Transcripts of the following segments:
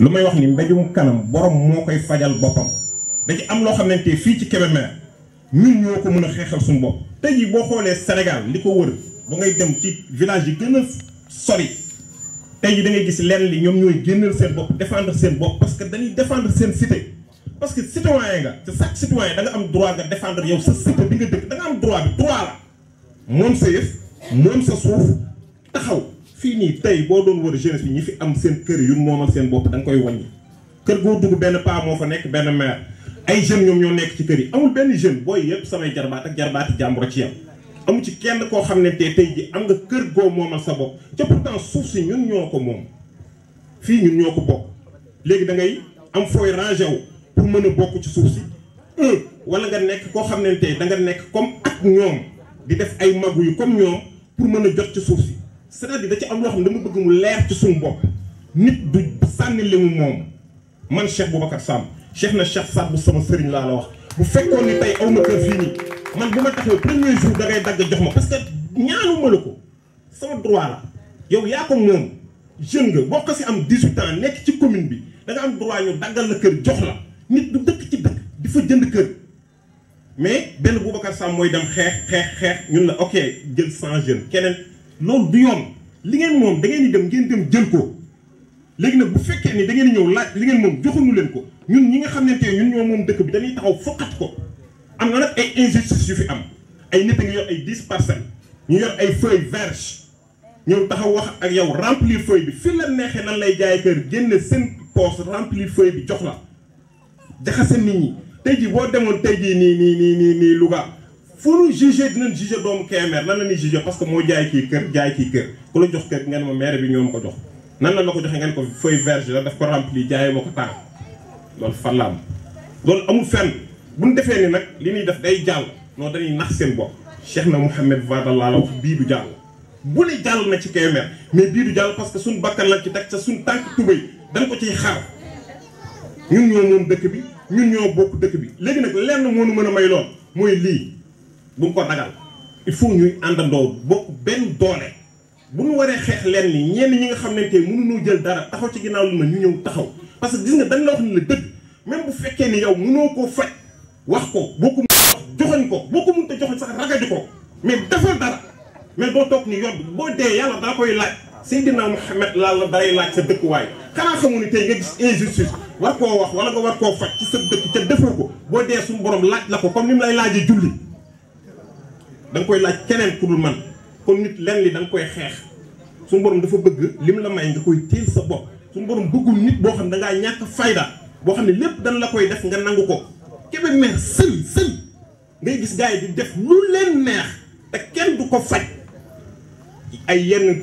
lu may wax ni mbéjum kanam borom moo koy fajal boppam da am loo xam ne te fii ci Kébémer ñun ñoo ko mën a xeexal suñu bopp tey jii boo xoolee Sénégal li ko wër ba ngay dem ci village yi gën a sori tey jii da ngay gis lenn li ñoom ñooy génnal seen bopp défendre seen bopp parce que dañuy défendre seen cité parce que citoyen nga te chaque citoyen da am droit nga défendre yow sa cité bi nga dëkk da am droit bi droit la moom sa yëf moom sa suuf taxaw fii nii tey boo doon wër jeunesse bi ñi fi am seen kër yu moomal seen bopp da nga koy wàññi kër goo dugg benn paa moo fa nekk benn maire ay jeunes ñoom ñoo nekk ci kër yi amul benn jeune booy yëpp samay jarbaat ak jarbaati jàmbur ci yam ci kenn koo xam ne te tey ji am nga kër goo moomal sa bopp te pourtant suuf si ñun ñoo ko moom fii ñun ñoo ko bokk da ngay am fooy wu mën a bokk ci suuf si wala nga nekk koo xam ne tey da nga nekk comme ak ñoom di def ay magu yu comme ñoom pour mën a jot ci suuf si cest à da ci am loo xam dama bëgg mu leer ci suñu bopp nit du sànni li mu moom man Cheikh Boubacar sam Cheikh na Cheikh Saad bu sama sëriñ laa la wax bu fekkoon ni tey aw ma kër fii nii man bu ma taxaw premier jour da ngay dagg jox ma parce que ñaanu ma la ko sama droit la yow yaa ko moom jeune nga boo ko si am 18 ans nekk ci commune bi da nga am droit ñu daggal la kër jox la nit du dëkk ci dëkk di fa jënd kër mais benn Boubacar sam mooy dem xeex xeex xeex ñun la ok jël 100 jeunes keneen. loolu du yoon li ngeen moom da ngeen di dem ngeen dem jën ko léegi nag bu fekkee ni da ngeen ñëw laaj li ngeen moom joxuñu leen ko ñun ñi nga xam ne tey ñun ñoo moom dëkk bi dañuy taxaw foqat ko am na nag yu fi am ay nit a ngi yor ay dix parcelles ñu yor ay feuille vierge ñëw taxaw wax ak yow remplir feuille bi fi la neexee nan lay jaay kër génne seen poche remplir feuille bi jox la jaxase nit ñi tey jii boo demoon tey jii nii nii nii nii nii Louga foofu nu jugé dinañ jugé doomu Kébémer lan la ñuy jugé parce que moo jaay kii kër jaay kii kër ku la jox kër ngeen ma maire bi ñoo ma ko jox nan la ma ko joxe ngeen ko feuille vierge la daf ko rempli jaay ma ko temps loolu fan la loolu amul fenn bu ñu defee nii nag li ñuy def day jàll noonu dañuy nax seen bopp Cheikh na Mouhamed Vadala la wax bii du jàll bu ne jàll na ci Kébémer mais bii du parce que suñ bakkan la ci teg sa suñ tànk tubéy dañ ko ciy xaar ñun ñoo moom dëkk bi ñun ñoo bokk dëkk bi léegi nag na moo nu mën a may lool mooy lii bu mu ko dagal il faut ñuy àndandoo bokk benn doole bu ñu waree xeex leen ni ñenn ñi nga xam ne tey mënuñoo jël dara taxaw ci ginnaaw lu ma ñu ñëw taxaw parce que gis nga dañ la wax ni la dëgg bu fekkee ni yow mënoo koo faj wax ko boo ko joxoñ ko boo ko mënut a joxoñ sax ragaju ko mais defal dara mais doo toog ni yodd boo dee yàlla daa koy laaj Seydina Mouhamed laa la day laaj sa dëkkuwaay xanaa xamu ni tey nga gis injustice war koo wax wala nga war koo faj ci sa dëkk ca defoo ko boo dee suñu borom laaj la ko comme ni mu lay laajee julli danga koy laaj keneen pour dul man kon nit lenn li danga koy xeex suñu borom dafa bëgg li lim la may nga koy teel sa bopp suñu borom bëggul nit boo xam ne da ngaa ñàkk fayda boo xam ne lépp dañ la koy def nga nangu ko. Kébé meer sël sël ngay gis gars yi di def lu leen neex te kenn du ko faj ay yenn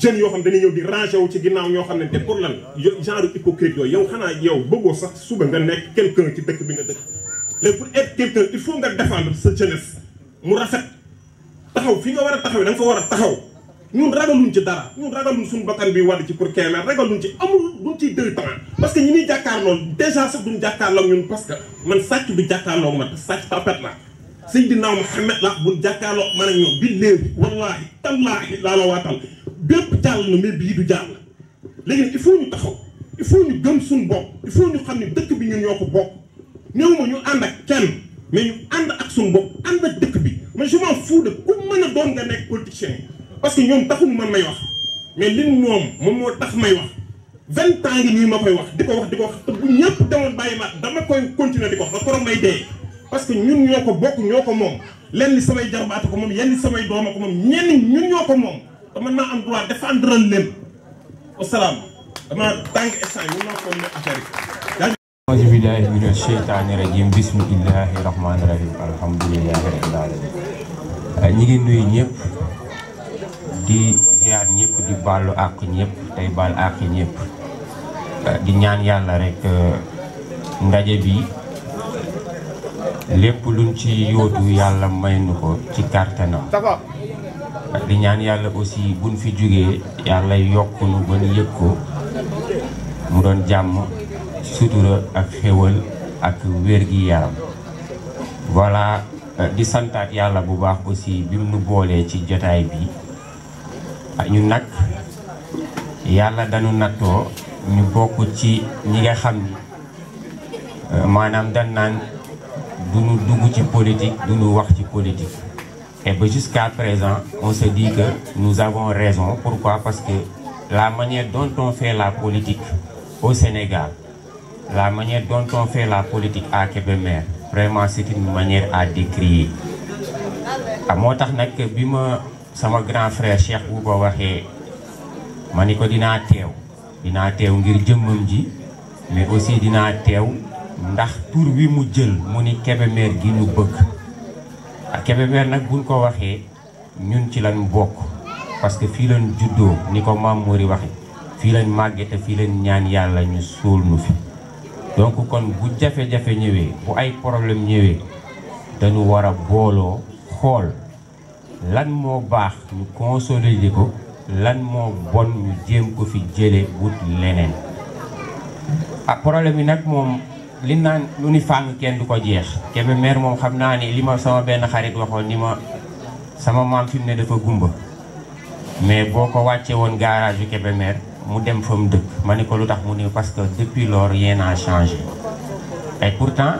jeunes yoo xam dañuy ñëw di rangé wu ci ginnaaw ñoo xam ne te pour lan genre hypocrite yooyu yow xanaa yow bëggoo sax suba nga nekk quelqu'un ci dëkk bi nga dëkk léegi pour être faut nga défendre sa jeunesse. mu rafet taxaw fi nga war a taxaw da nga fa war a taxaw ñun ragaluñ ci dara ñun ragaluñ suñu bakkan bi wàll ci pour Kébémer ragaluñ ci amul duñ ciy dëgg tamit parce que ñi ñuy jàkkaarloo dèjà sax duñ jàkkaarloo ñun parce que man sàcc du jàkkaarloo ma te sàcc tapet la Seydina Mouhamed la buñ jàkkaarloo man ak ñoom bi léegi wallaahi tallaahi laa la waatal bépp jàll na mais bii du jàll léegi nag il ñu taxaw il faut ñu gëm suñ bopp il faut ñu xam ne dëkk bi ñun ñoo ko bokk néew ma ñu ànd ak mais ñu ànd ak suñu bopp ànd ak dëkk bi man je m'en fous de ku mën a doon nga nekk politicien yi parce ñoom taxul man may wax mais li moom moom moo tax may wax vingt ans ngi nii ma koy wax di ko wax di ko wax te bu ñëpp demoon bàyyi ma dama koy continuer di ko wax ba korom may dee parce que ñun ñoo ko bokk ñoo ko moom lenn samay jarbaata ko moom yenn samay dooma ko moom ñenn ñun ñoo ko moom te man maa am droit défendre leen wasalaam dama tàng instant yi mun naa ko ne affaire أعوذ بالله من الشيطان الرجيم بسم الله الرحمن الرحيم الحمد لله رب العالمين ñi ngi nuyu ñëpp di ziar ñëpp di baalu àq ñëpp tey baal àq ñëpp di ñaan yàlla rek ndaje bi lépp luñ ci yóotu yàlla maynu ko ci kàttanam di ñaan yàlla aussi buñ fi jógee yàlla yokk nu ba yëg ko mu doon jàmm sutura ak xéwal ak wér yaram voilà euh, di santaat yàlla bu baax aussi bi mu nu boolee ci jotaay bi ah, ñu nag yàlla dañu nattoo ñu bokk ci ñi nga xam ni euh, maanaam dañ naan du dugg ci politique du wax ci politique et jusqu'à présent on se dit que nous avons raison pourquoi parce que la manière dont on fait la politique au Sénégal la manière dont la politique à Kébémer vraiment c'est une à décrier ah moo tax nag bi ma sama grand frère bu Bouba waxee ma ni ko dinaa teew dinaa teew ngir jëmmam ji mais aussi dinaa teew ndax tur wi mu jël mu ni Kébémer gi ñu bëgg ah Kébémer nag buñ ko waxee ñun ci lañ bokk parce que fii lañ juddoo ni ko maam Mori waxe fii lañ màgge te fii leen ñaan yàlla ñu suul nu fi donc kon bu jafe-jafe ñëwee bu ay problème ñëwee dañu war a booloo xool lan moo baax ñu consolider ko lan moo bon ñu jéem ko fi jëlee wut leneen ak ah, problème yi nag moom li naan lu ni fàng kenn du ko jeex Kébémer moom xam naa ni li ma sama benn xarit waxoon ni ma sama maam fi ne dafa gumba mais boo ko wàccee woon garage yu Kébémer Je parce que depuis lors rien a changé et pourtant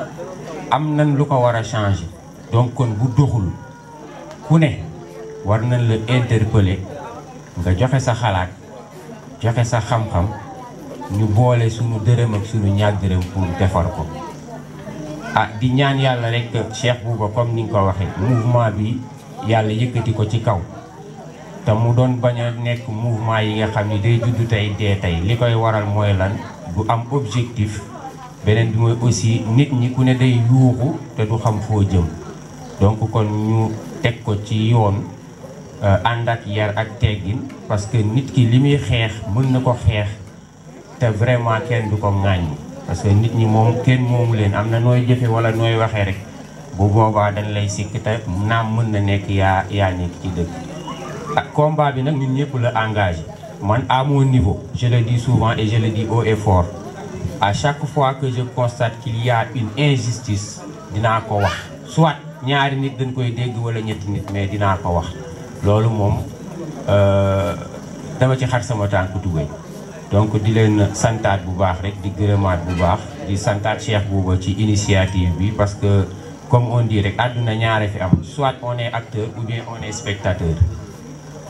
am nañ changé donc kon l'interpeller. doxul ku ne war nañ le interpeller nga joxe sa xalaat joxe sa ñu suñu ak suñu pour ko ah di ñaan rek Cheikh Bouba comme ko mouvement bi te mu doon bañ a nekk mouvement yi nga xam ni day judd tey dee tey li koy waral mooy lan du am objectif beneen bi mooy aussi nit ñi ku ne day yuuxu te du xam foo jëm donc kon ñu teg ko ci yoon euh, ànd ak yar ak teggin parce que nit ki li muy xeex mën na ko xeex te vraiment kenn du ko ŋàññi parce que nit ñi moom kenn moomu leen am na nooy jëfe wala nooy waxee rek bu boobaa dañ lay sikk te naam mën na nekk yaa yaa nekk ci dëkk combat bi nak pour ñepp la man à mon niveau je le dis souvent et je le dis haut et fort à chaque fois que je constate qu'il y a une injustice dina ko wax soit ñaari nit dañ koy dégg wala ñet nit mais dina ko wax mom euh dama ci xat sama tànk tubéy donc di len santat bu baax rek di gërëmaat bu baax di santat Cheikh Bouba ci initiative bi parce que comme on dit rek aduna ñaare fi am soit on est acteur ou bien on est spectateur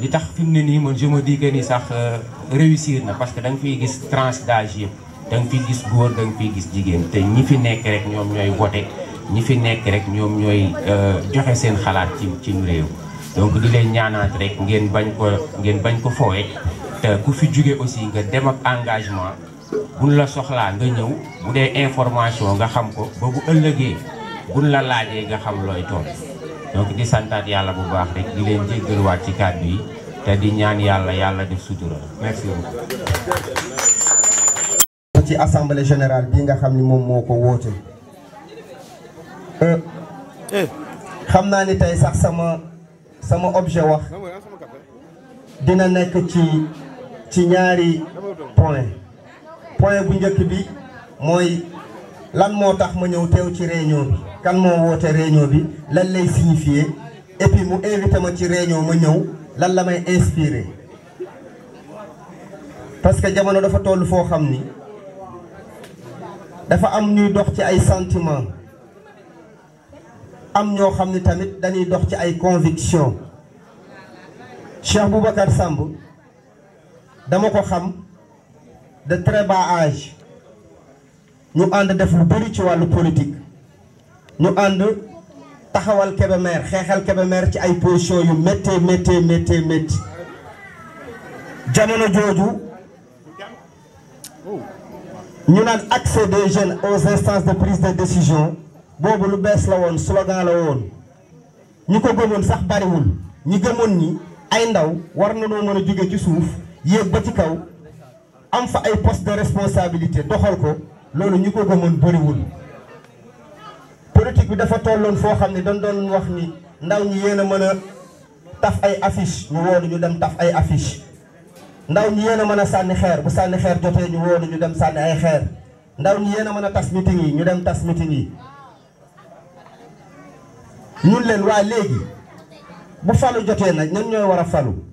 li tax fi ne nii man je me dis que ni sax euh, réussir na parce que da nga fiy gis tranche d'âge da nga fiy gis góor da nga fiy gis jigéen te ñi fi nekk rek ñoom ñooy voté ñi fi nekk rek ñoom ñooy euh, joxe seen xalaat ci ci réew. donc di leen ñaanaat rek ngeen bañ ko ngeen bañ ko foowee te ku fi jóge aussi nga dem ak engagement buñ la soxlaa nga ñëw bu dee information nga xam ko ba bu ëllëgee buñ la laajee nga xam looy toll. donc di santat yalla bu baax rek di leen wat ci kaddu yi te di ñaan yalla yalla def sutura merci beaucoup. ci assemblée générale bi nga xamni mom moko wote euh woote. Eh. xamna ni tay sax sama sama objet wax dina nek ci ci ñaari point point bu ñëk bi moy lan ma ci réunion bi kan signifier et puis mu invité ma ci réunion ma lan parce que jamono dafa tollu dafa am ñuy dox ci ay sentiment am tamit dañuy dox ci conviction Cheikh Boubacar Samb dama de très bas âge nous avons des lu politiques. ci politique ñu ànd taxawal des ci ay position yu jamono joju ñu accès des jeunes aux instances de prise de décision ...qui lu bess la woon slogan la woon ko sax wul ñi ni ay ndaw war na no ci suuf kaw am fa ay poste de responsabilité doxal ko loolu ñu ko gëmoon bëriwul politique bi dafa tolloon foo xam ne dañ doon wax ni ndaw ñi yéen a mën a taf ay affiche ñu woonu ñu dem taf ay affiche ndaw ñi yéen a mën a sànni xeer bu sànni xeer jotee ñu woonu ñu dem sànni ay xeer ndaw ñi yéen a mën a tas meeting yi ñu dem tas meeting yi ñun leen waa léegi bu falu jotee nag ñan ñoo war a falu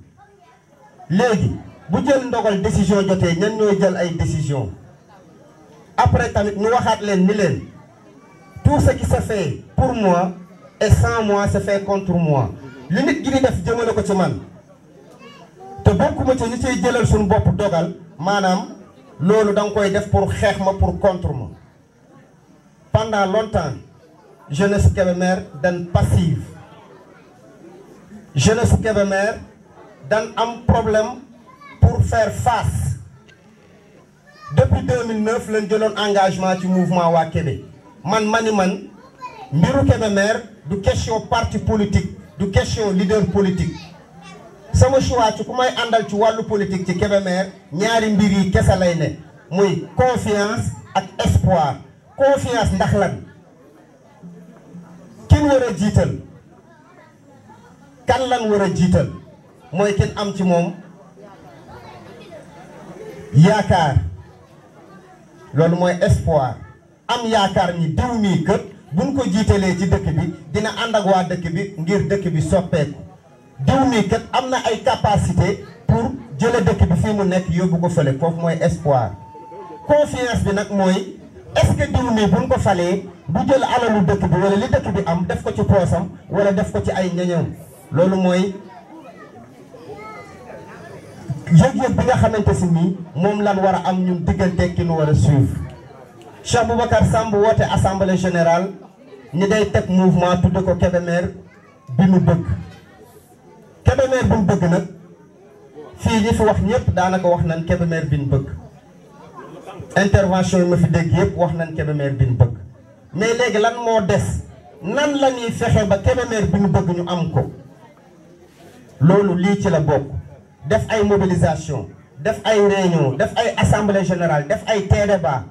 léegi bu jël ndogal décision jotee ñan ñooy jël ay décision après tout ce qui se fait pour moi et sans moi se fait contre moi L'unique nit gi di def jëmale ko je man te bokkuma ci ñi Je jëlal dogal Je Je pour Je pour contre pendant longtemps problème pour faire face depuis 2009 lañ un engagement ci mouvement Wa Kébé man ma ni man mbiru Kébémer du question parti politique du question leader politique Mon choix ci ku may àndal ci wàllu politique ci Kébémer ñaari mbir yi ce lay c'est. muy confiance ak espoir confiance ndax lan kin war a jiital kan lan war a jiital mooy am ci moom yaakaar loolu mooy espoir am yaakaar ni diw mii kët buñ ko jiitalee ci dëkk bi dina ànd ak waa dëkk bi ngir dëkk bi soppeeku diw mii am na ay capacité pour jële dëkk bi fii mu nekk yóbbu ko fële foofu mooy espoir confiance bi nag mooy est-ce que diw ko falee bu jël alalu dëkk bi wala li dëkk bi am def ko ci poosam wala def ko ci ay ñoñom loolu mooy yëg-yëg bi nga xamante si nii moom lan war a am ñun diggante ki nu war a suivre Cheikh Boubacar Samb woote assemblée générale ñi day teg mouvement tudde ko Kébémer bi nu bëgg Kébémer bi nu bëgg nag fii ñi fi wax ñëpp daanaka wax nañ Kébémer bi nu bëgg intervention yi ma fi dégg yëpp wax nañ Kébémer bi nu bëgg mais léegi lan moo des nan la ñuy fexe ba Kébémer bi nu bëgg ñu am ko loolu lii ci la bokk def ay mobilisation def ay réunion def ay assemblée générale def ay télébat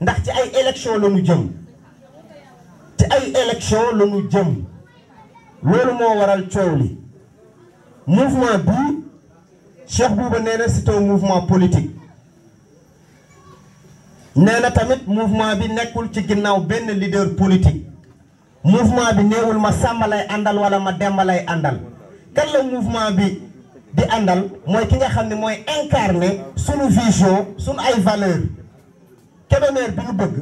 ndax ci ay élection la ñu jëm ci ay élection la mu jëm loolu moo waral coow li mouvement bi Cheikh Bouba nee na c'est un mouvement politique nee na tamit mouvement bi nekkul ci ginnaaw benn leader politique mouvement bi néewul ma sàmbalay àndal wala ma dembalay àndal kan la mouvement bi di andal moy ki nga xamné moy incarner sunu vision sunu ay valeur Kébémer bi ñu bëgg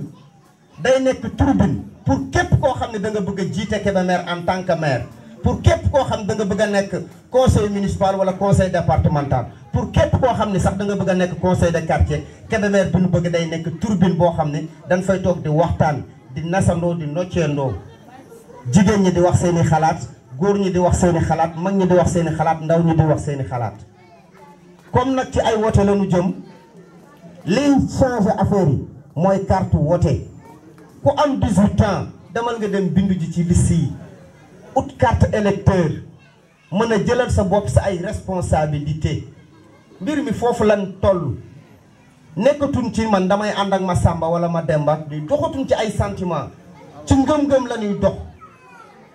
day nekk turbine pour képp koo xam ne da nga bëgg a jiite Kébémer en tant que maire pour képp koo xam ne da nga bëgg a nekk conseil municipal wala conseil départemental pour képp koo xam ne sax da nga bëgg a nekk conseil de quartier Kébémer bi ñu bëgg day nekk turbine boo xam ne dañ fay toog di waxtaan di nasandoo di nocceendoo jigéen ñi di wax seeni xalaat góor ñi di wax seeni xalaat mag ñi di wax seeni xalaat ndaw ñi di wax seeni xalaat comme nag ci ay wote lañu ñu jëm liy changer affaire yi mooy carte wote ku am 18 ans demal nga dem bindu ji ci liste yi ut kart électeur mën a jëlal sa bopp sa ay responsabilité mbir mi foofu lan toll nekkatuñ ci man damay ànd ak ma Samba wala ma Demba di doxatuñ ci ay santiment ci ngëm-ngëm la ñuy dox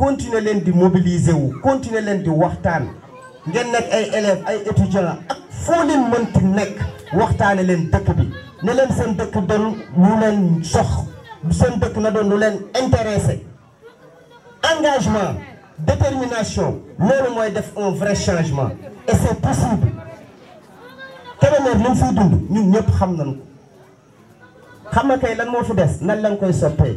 continuer leen di mobiliser wu continuer leen di waxtaan ngeen nekk ay élèves ay étudiants ak foo leen mënti nekk waxtaane leen dëkk bi ne leen seen dëkk doon lu leen sox seen dëkk na doon lu leen intéressé engagement détermination loolu mooy def un vrai changement et c'est possible Kébémer li mu fiy dund ñun ñëpp xam nañ ko xam na kay lan moo fi des nan lañ koy soppee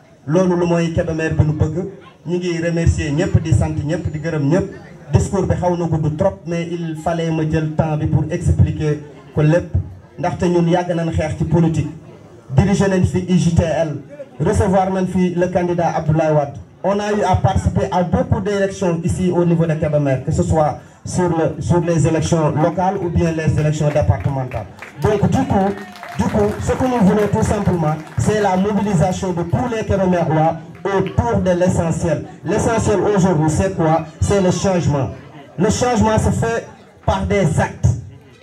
lolu lu mooy Kébémer bi nu bëgg ñi ngi remercier ñëpp di sant ñëpp di gërëm ñëpp discours bi xawna na gudd trop mais il fallait ma jël temps bi pour expliquer ko lépp ndaxte ñun yàgg nañ xeex ci politique. diriger nañ fi UJTL recevoir nañ fi le candidat Abdoulaye Wade on a eu à participer à beaucoup d'élections ici au niveau de Kébémer que ce soit sur, les élections locales ou bien les élections départementales. Donc du coup, du coup, ce que nous voulons tout simplement, c'est la mobilisation de tous les Kéromérois autour de l'essentiel. L'essentiel aujourd'hui, c'est quoi C'est le changement. Le changement se fait par des actes.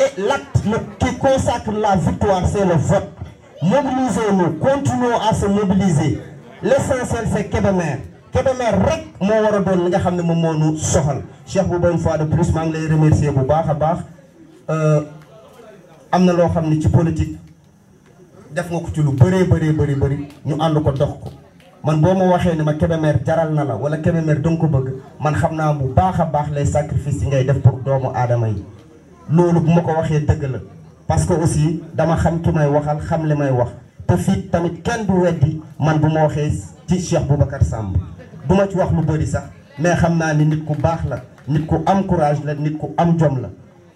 Et l'acte qui consacre la victoire, c'est le vote. Mobilisons-nous, continuons à se mobiliser. L'essentiel, c'est Kébémer. Kébémer rek moo war a doon li nga xam ne moom moo ñu soxal Cheikh Bouba une fois de plus maa ngi lay remercier bu baax a baax euh, am na loo xam ne ci politique def nga ko ci lu bëree bëree bëri bëri ñu ànd ko dox ko man boo ma waxee ne ma Kébémer jaral na la wala Kébémer danga ko bëgg man xam naa bu baax a baax lay sacrifices yi ngay def pour doomu aadama yi loolu bu ma ko waxee dëgg la parce que aussi dama xam ki may waxal xam li may wax te fii tamit kenn du weddi man bu ma waxee ci Cheikh Boubacar Samb du ma ci wax lu bëri sax mais xam naa ni nit ku baax la nit ku am courage la nit ku am jom la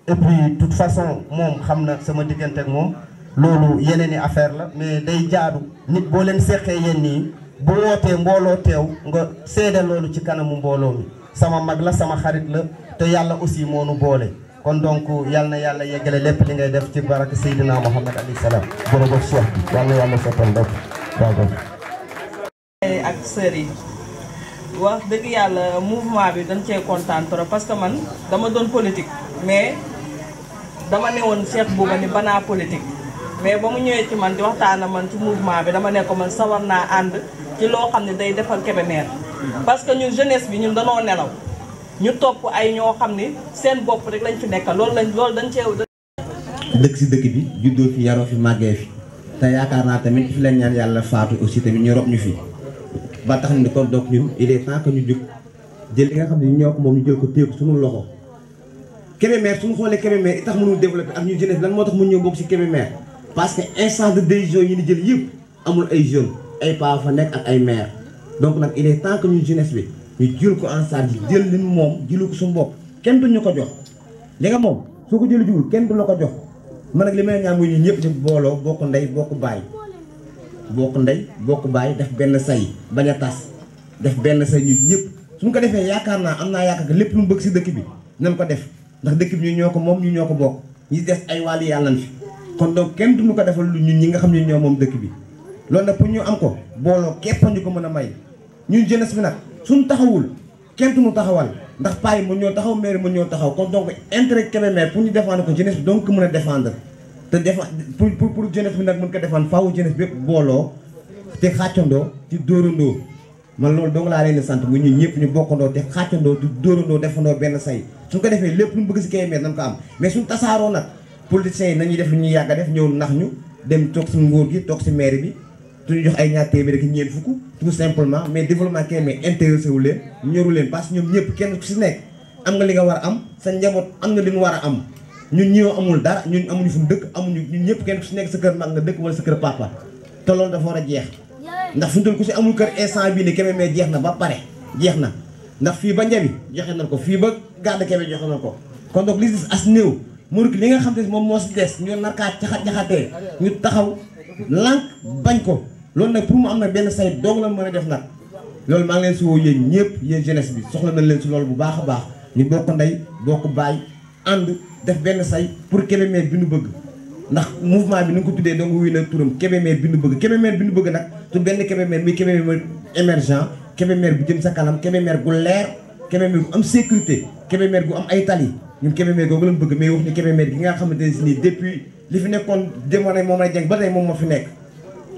et puis toute façon moom xam na sama diggante ak moom loolu yeneen i affaire la mais day jaadu nit boo leen seqee yéen nii bu wootee mbooloo teew nga seede loolu ci kanamu mbooloo mi sama mag la sama xarit la te yàlla aussi moo nu boole kon donc yal na yàlla yeggale lépp li ngay def ci baraka Seydina Mohamed alayhi salaam jërëjëf Cheikh yal na yàlla sottal lépp waaw ak sër yi wax dëgg yàlla mouvement bi dañ cee kontaan trop parce que man dama doon politique mais dama newoon Cheikh Bouba ni banaa politique mais ba mu ñëwee ci man di waxtaan man ci mouvement bi dama ne ko man sawar naa ànd ci loo xam ne day defal Kébémer parce que ñun jeunesse bi ñun danoo nelaw ñu topp ay ñoo xam ne seen bopp rek lañ fi nekkal loolu lañ loolu dañ cee dëkk si dëkk bi juddoo fi yaroo fi màggee fi te yaakaar naa tamit fi lañ ñaan yàlla faatu aussi tamit ñu rob ñu ba tax ni kon donc ñun il est temps que ñu jug jël li nga xam ne ñoo ko moom ñu jël ko téye ko suñu loxo. Kébémer suñu xoolee Kébémer i tax mënul développé ak ñu jeunesse lan moo tax mun ñëw bokk si Kébémer parce que instant de décision yi ñu jël yëpp amul ay jeunes ay paa fa nekk ak ay mère donc nag il est temps que ñu jeunesse bi ñu jël ko en charge jël li moom jëlu ko suñu bopp kenn duñu ko jox li nga moom soo ko jëlee jiwul kenn du la ko jox man ak li may ñaan muy ñun ñëpp ñu booloo bokk ndey bokk baay. bok nday bok bay, def ben say baña tas def ben say ñun ñep suñ ko defé yakarna amna am lepp lu bëgg si dëkk bi nañ ko def ndax dëkk bi ñu ñoko mom ñu ñoko bok ñi def ay wàllu yalla ñu kon do kenn duñu ko defal lu ñun ñi nga xamni ñoo mom dëkk bi loolu nag pour ñu am ko bolo képp ñu ko mëna may ñun jeunesse bi nak suñ taxawul kenn mu taxawal ndax pay mu ñoo taxaw mère mu ñoo taxaw kon donc intérêt mère pour ñu défendre ko jeunesse donc mëna défendre te defa pour pour pour jeunesse bi nag mën ko defaan faaw jeunesse bépp booloo te xàccandoo ci dóorandoo man loolu dong laa leen sant bu ñun ñëpp ñu bokkandoo te xàccandoo di dóorandoo defandoo benn say suñ ko defee lépp lu mu bëgg si Kébémer nañ ko am mais suñ tasaaroo nag politiciens yi nañuy def lu ñuy def ñëw nax ñu dem toog si nguur maire bi suñu jox ay ñaar téeméer ak ñeent fukk tout simplement mais développement Kébémer intéressé wu leen ñoru leen parce que ñoom ñëpp kenn ku si nekk am na li nga war a am sa njaboot am na li mu war a am ñun ñëw amul dara ñun amuñu fi mu dëkk amuñu ñun ñëpp kenn ku si nekk sa kër mag nga dëkk wala sa kër papa te loolu dafa war a jeex ndax fu ñu ku si amul kër instant bi ne keme mais jeex na ba pare jeex na ndax fii ba njabi joxe nañ ko fii ba gàdd keme joxe nañ ko kon donc li des as néew murik li nga xam te moom moo si des ñu narkaat caxat caxatee ñu taxaw lànk bañ ko loolu nag pour mu am na benn say doog la mën a def nag loolu maa ngi leen si woo yéen ñëpp yéen jeunesse bi soxla nañ leen si loolu bu baax a baax ñu bokk ndey bokk and def ben say pour Kébémer bi nu bëgg ndax mouvement bi ni nga ko tuddee donc wuy na turam Kébémer bi nu bëgg Kébémer bi nu bëgg nak tu benn Kébémer muy Kébémer émergent Kébémer bu jëm sa kanam Kébémer gu lèr Kébémer gu am sécurité Kébémer gu am ay tali ñun Kébémer googu lañ bëgg mais wax ni Kébémer gi nga xamanteni ne depuis li fi nekkoon démoné mom moom lay jàng ba tey moom ma fi nekk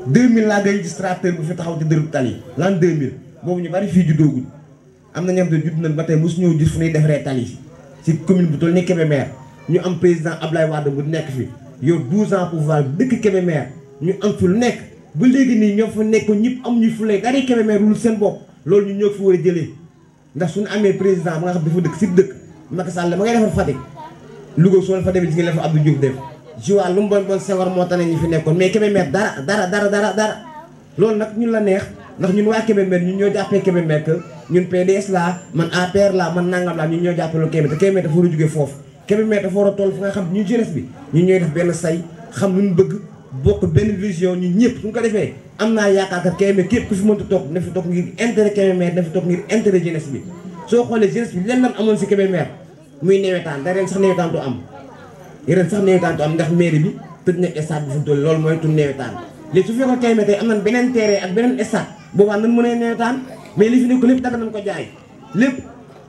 2000 la ngay gis bu fi taxaw ci dërëb tali l'an 2000 boobu ñu bari fi juddoogul am na ñoom te judd nañ ba tey mosu ñëw gis fu ñuy defaree tali si commune bu président 12 ans pouvoir ñu am nekk fa nekk am ñu a ndax suñu président nga xam dëkk dëkk ma fa la fa Abdou def lu la neex ndax ñun ñun PDS laa man APR laa man nangam laa ñun ñoo jàppale Kébé te Kébé dafa war a jóge foofu Kébé dafa war a toll fu nga xam ñu jeunesse bi ñun ñooy def benn say xam lu ñu bëgg bokk benn vision ñun ñëpp suñ ko defee am naa yaakaar que Kébé képp ku fi mënta toog na fi toog ngir intérêt Kébé maire na fi toog ngir intérêt jeunesse bi soo xoolee jeunesse bi leen lan amoon si Kébé muy newetaan da ren sax newetaan du am ren sax newetaan du am ndax mairie bi tëj mais li fi nekk lépp dagg nañ ko jaay lépp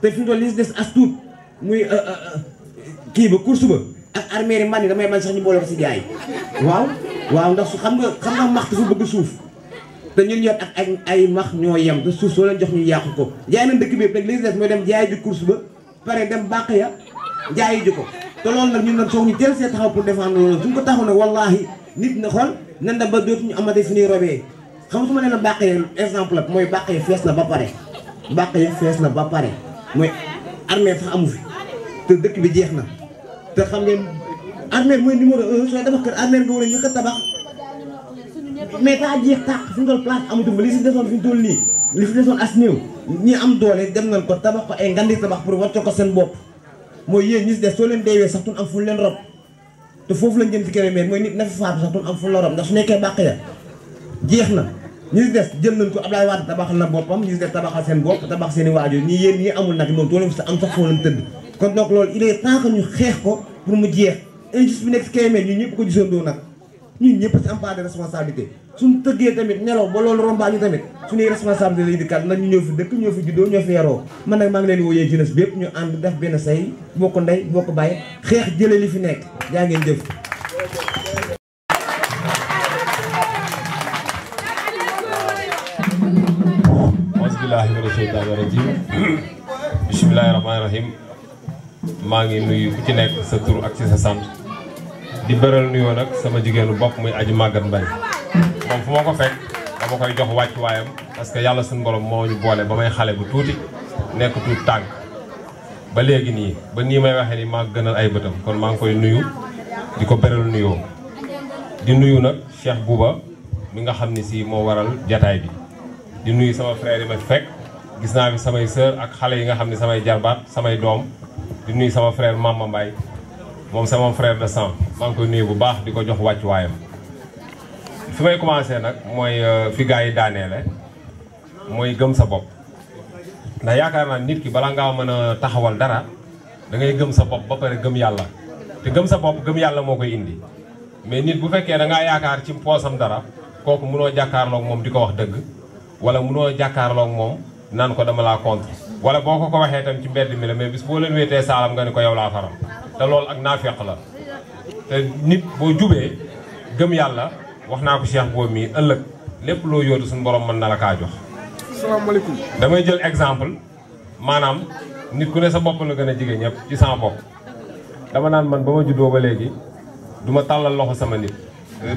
te fi mu toll li des as tuut muy euh, euh, euh, kii ba course ba ak armée yi man yi damay man sax ñu boole si jaay waaw waaw ndax su xam nga xam nga max su bëgg suuf te ñun ñor ak ay max ñoo yem te suuf soo leen jox ñu yàqu ko jaay nañ dëkk bi rek li des mooy dem jaay ji course ba pare dem bàq ya jaayi ji ko te loolu nag ñun nag soo ñu jël see taxaw pour defaan loolu suñ ko taxaw nag wallaahi nit na xool nan da ba dootuñu amate fi ñuy robee xam su ma nee bàq bàqee exemple la mooy bàqee fees na ba pare bàq bàqee fees na ba pare mooy armée sax amu fi te dëkk bi jeex na te xam ngeen armée mooy numéro un sooy tabax kër armée nga war a njëkk a tabax mais daa jeex tàq fi mu toll place amatul ba li si nii li fi desoon as néew ñi am doole dem nañ ko tabax ko ay ngandi tabax pour wàcce ko seen bopp mooy yéen ñi si des soo leen deewee sax tun am fu leen rob te foofu lañ jëm ci Kébémer mooy nit na fi faatu sax tun am fu la rob nekkee bàq jeex na si des jël nañ ko Ablaye Wade tabaxal na boppam ñi des tabaxal seen bopp tabax seen i waajur ñi yéen ñi amul nag moom toolu sa am sax foo leen tëdd kon donc loolu il est ñu xeex ko pour mu jeex injustice bi nekk si Kébémer ñun ñëpp ko gisandoo nag ñun ñëpp si am part de responsabilité suñu tëggee tamit nelaw ba loolu rombaa ñu tamit suñuy responsabilité lay ñu ñëw fi dëkk ñëw fi juddoo ñoo fi yaroo man nag maa ngi leen wooyee jeunesse bi yëpp ñu def benn say bokk ndey bokk bàyyi xeex jëlee li fi nekk jaa ngeen jëf billahi mina sheytaani rajim bismillahi rahmaani ngi nuyu ku ci sa ak ci sa di sama jigéenu bopp muy Aji Maguette Mbaye moom fu ma ko dama koy jox wàcc waayam parce que yàlla suñu borom moo ñu boole ba may bu tuuti nekk tuut tànk ba léegi nii ba may ni gënal ay bëtam kon maa ngi koy nuyu di ko bëral di nuyu Cheikh mi nga si moo waral jataay bi di nuyu sama frère yi ma fek gis na fi sama sœur ak xalé yi nga xamni sama samay sama dom di nuyu sama frère Mama mbay mom sama frère de sang ma ngi koy nuyu bu baax di ko jox wayam fi may commencer nak moy euh, fi gaay yi daaneele mooy gëm sa bop da yaakar na nit ki bala nga mëna taxawal dara da ngay gëm sa bop ba paré gëm yalla te gëm sa bop gëm yalla moo indi mais nit bu fekkee da nga yaakar ci posam dara koku mëno jakarlo ak di ko wax deug wala munoo ak mom nan ko dama la contre wala boko ko waxe tam ci mbedd mi la mais bis bo len wété saalam nga ni ko yow la faram te loolu ak nafiq la te nit bo jubee gëm yalla waxna ko Cheikh Bo mi ëllëg lepp lo yóotu sun borom man na la kaa jox. alaykum damay jël exemple manam nit ku ne sa bop la gëna ñep ci sama bop dama nan man bama juddo ba légui duma talal loxo sama nit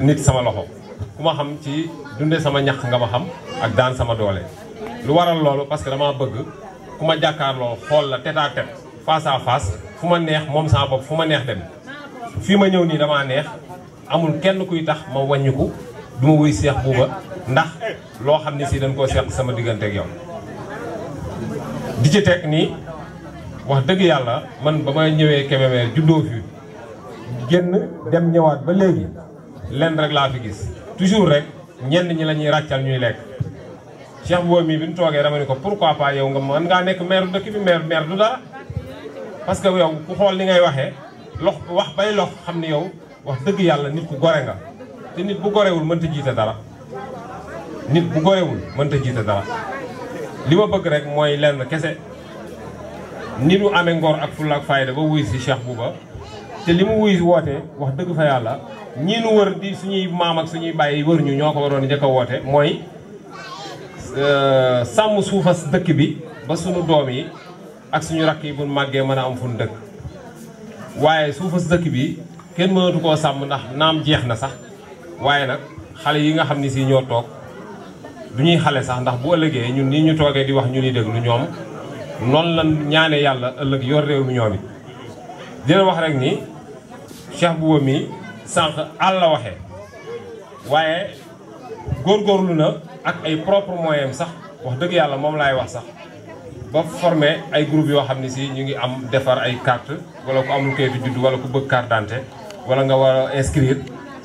nit sama loxo kuma xam ci dunde sama ñax nga ma xam ak daan sama doole lu waral lolu parce que dama bëgg kuma ma jàkkaarloo la tête à tête face à face fuma neex mom sama bop fuma neex dem fii ma ñëw nii neex amul kenn kuy tax ma wàññiku duma wuy Cheikh Bouba ndax lo xamni dañ ko cheikh sama digënté ak yow di ci tek ni wax dëgg yalla man ba ma ñëwee Kébémer juddoo fi genn dem ñëwaat ba légui lenn rek la fi gis toujours rek ñenn ñi la ñuy ràccal ñuy lekk Cheikh Mbow mii bi ñu toogee dama ni ko pourquoi pas yow nga mën ngaa nekk maire dëkk bi maire maire du dara parce que yow ku xool ni ngay waxee lox wax bay lox xam ni yow wax dëgg yàlla nit ku gore nga te nit bu gorewul mënta jiite dara nit bu gorewul mënta jiite dara li ma bëgg rek mooy lenn kese ni nu amee ngor ak fulla ak fayda ba wuy si Cheikh Bouba te li mu wuy si wootee wax dëgg fa yàlla ñi nu wër di suñuy maam ak suñuy bàyyi wër ñu ñoo ko waroon njëkk a woote mooy euh, sàmm suufas dëkk bi ba suñu doom yi ak suñu rakk yi bu màggee mën a am fun dëkk waaye suufas dëkk bi kenn mënatu koo sàmm ndax naam jeex na sax waaye nag xale yi nga xam ni si ñoo toog du ñuy xale sax ndax bu ëllëgee ñun nii ñu toogee di wax ñu ni déglu ñoom noonu la ñaane yàlla ëllëg yor réew mi ñoom dina wax rek ni Cheikh Bouba sànq àll la waxee waaye góorlu na ak ay propre moyens sax wax dëgg yàlla moom laay wax sax ba formé ay groupe yoo xam ne si ñu ngi am defar ay carte wala ku amul kayitu juddu wala ku bëgg carte d'identité wala nga war a inscrire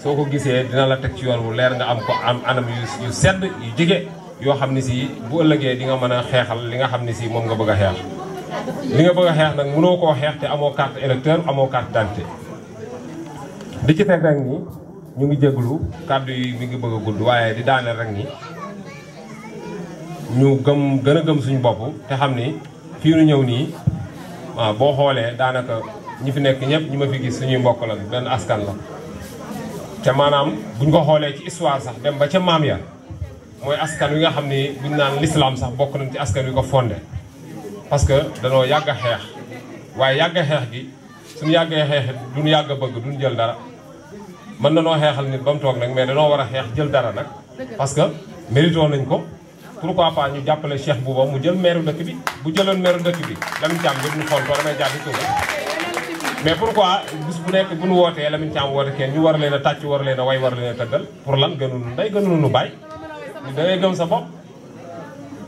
soo ko gisee dina la teg ci yoon wu leer nga am ko am anam yu sedd yu jige yoo xam ne si bu ëllëgee di nga mën a xeexal li nga xam ne si moom nga bëgg a xeex li nga bëgg a xeex nag mënoo koo xeex te amoo carte électeur amoo carte d'identité di ci teg rek ni ñu ngi jéglu kàddu yi mi ngi bëgg a gudd waaye di daaneel rek ni ñu gëm gën a gëm suñu bopp te xam ni fii nu ñëw nii waaw boo xoolee daanaka ñu fi nekk ñëpp ñu ma fi gis suñuy mbokk la benn askan la te maanaam buñ ko xoolee ci histoire sax dem ba ca maam ya mooy askan wi nga xam ni buñ naan l'islam sax bokk nañ ci askan wi ko fonde parce que danoo yàgg a xeex waaye yàgg xeex gi suñu yàggee xeex duñu yàgg a du duñu jël dara mën na noo xeexal nit ba mu toog nag mais danoo war a jël dara nag parce que mérité nañ ko pourquoi pas ñu jàppale Cheikh Bouba mu jël meeru dëkk bu jëloon meeru dëkk bi Lamine Thiam jël ñu xool ko damay jàpp Touba mais pourquoi bis bu nekk bu ñu wootee Lamine Thiam woote kenn ñu war leen a tàcc war leen a way war leen a tëggal pour lan gënul nday gënul nu bàyyi da ngay gëm sa bopp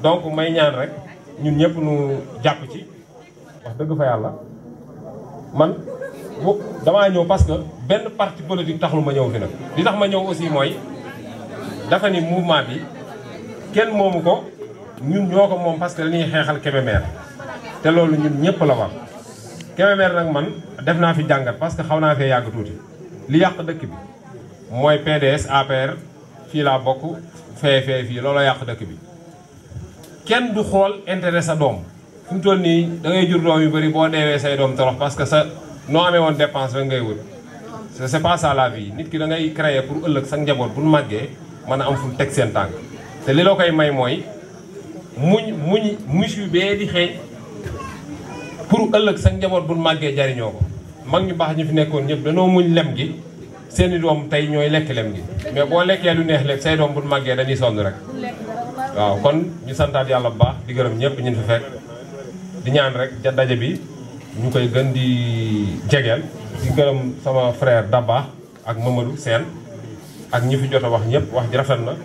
donc may ñaan rek ñun ñëpp nu jàpp ci wax dëgg fa yàlla man dama damaa ñëw parce que ben parti politique taxul ma ñëw fi nak li tax ma ñëw aussi moy dafa ni mouvement bi kenn moomu ko ñun ñoko mom parce que dañuy kébé Kébémer té loolu ñun ñëpp la war Kébémer nak man def na fi jàngat parce que xawna fi yag yàgg li yaq dëkk bi moy PDS APR fi la bokk fé fé fi looloo yaq dëkk bi kenn du xol intérêt sa dom fu mu da ngay jur doom yu bëri boo say dom torox parce que sa noo amee woon dépense rek ngay wut sa est pas la vie nit ki dangay ngay créer pour ëllëg sa njaboot bu màggee mën a am fu teg seen tànk te li la koy may mooy muñ muñ musu bee di xeeñ pour ëllëg sa njaboot bu màggee jariñoo ko mag ñu baax ñu fi nekkoon ñëpp danoo muñ lem gi seeni doom tey ñooy lekk lem gi mais boo lekkee lu neex lekk say doom bu màggee dañuy sonn rek waaw kon ñu santaat yàlla bu baax di gërëm ñëpp ñun fi fekk di ñaan rek ja daje bi ñu koy gën di jegeel di gërëm sama frère Daba ak Mamadou Sène ak ñi fi jot a wax ñëpp wax ji rafet na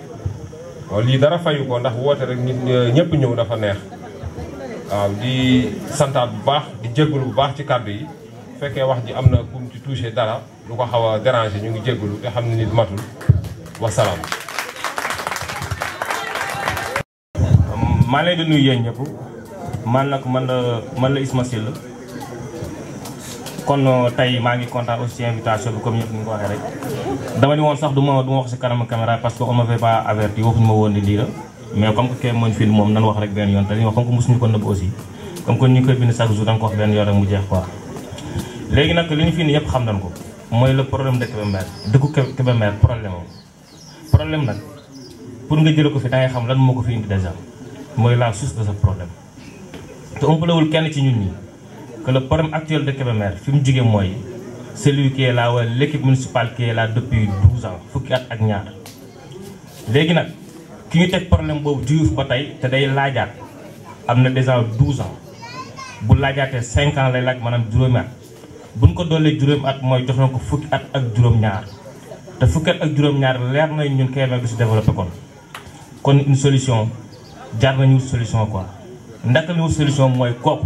lii dara fayu ko ndax woote rek nit ñëpp ñëw dafa neex waaw di santaat bu baax di jégalu bu baax ci kàddu yi fekkee wax ji am na kum ci touché dara lu ko xaw a dérangé ñu ngi jégalu te xam ne nit matul wasalaam. maa ngi lay nuyu yéen ñëpp man nag man la man la Isma Sylla kon euh, tey maa ngi kontaan aussi invitation bi comme ñëpp ñu ko waxee rek dama ni woon sax du ma wax si kanam caméra parce que on m'avait pas averti waxuñu ma woon ni lii la mais comme que yoon te li nag li ñu fi yëpp xam nañ ko mooy le problème de Kébémer dëkku Kébémer problème am problème nag pour nga jëlee ko fi da xam lan moo ko fi indi mooy la source de ce problème te ëmpalewul kenn ci ñun ñi que le problème actuel de Kébémer fi mu jóge mooy celui qui est là wala l'équipe municipale qui est là depuis 12 ans fukki at ak ñaar léegi nag ki ñu teg problème boobu juyuf ba tey te day laajaat am na déjà 12 ans bu laajaatee 5 ans lay laaj maanaam juróomi at buñ ko doolee juróomi at mooy jox na ko fukki at ak juróom-ñaar te fukki ak juróom-ñaar leer nañ ñun Kébémer du si développé kon kon une solution jar nañu solution quoi ndaka ñu solution mooy kooku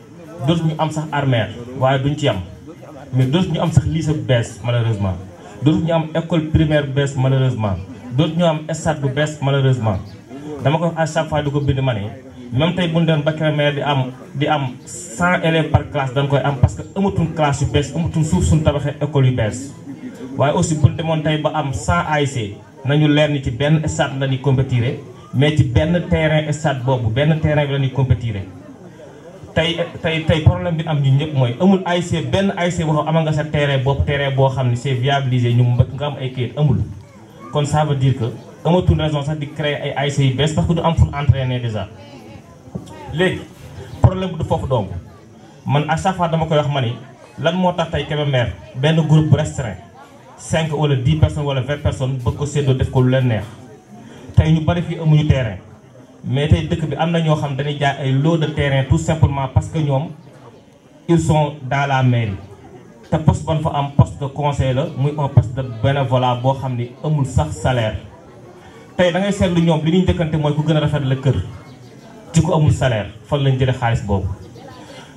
ñu am sax armère waaye duñ ci am mais ñu am sax lycée bu bees malheureusement dootuñu am école primaire bu bees malheureusement ñu am stade bu bees malheureusement dama ko à chaque fois ko bind ma ne même tey bu ñu doon ba Kébémer di am di am 100 élèves par classe dañ koy am parce que amatuñ classe yu bees amatuñ suuf suñ tabaxee école yu bees waaye aussi bu ñu demoon tey ba am 100 AIC nañu leer ni ci benn stade la ñuy compétir mais ci benn terrain stade boobu benn terrain bi la ñuy compétir tey tey tey problème bi am ñu ñëpp mooy amul AIC benn AIC boo xam nga sa terrain boobu terrain boo xam ne c'est viabilisé ñu mbëkk nga am ay kayit amul. kon ça veut dire que amatul sax di créer ay AIC yu bees parce que du am fu entraîner déjà léegi problème bi du foofu donc man à chaque fois dama koy wax ma ni lan moo tax tey Kébémer benn groupe bu restreint cinq wala dix personnes wala vingt personnes bëgg ko séddoo def ko lu leen neex tey ñu bari fii amuñu terrain. mais tay deuk bi amna na ñoo xam dañuy jaay ay lot de terrain tout simplement parce que ñom ils sont dans la mairie ta poste ban fa am poste de conseil la muy un poste de bénévolat bo xamni amul sax salaire tay da ngay seetlu ñom li ñu njëkkante moy ku gëna rafet le cœur ci ko amul salaire fa lañu jëlee xaalis boobu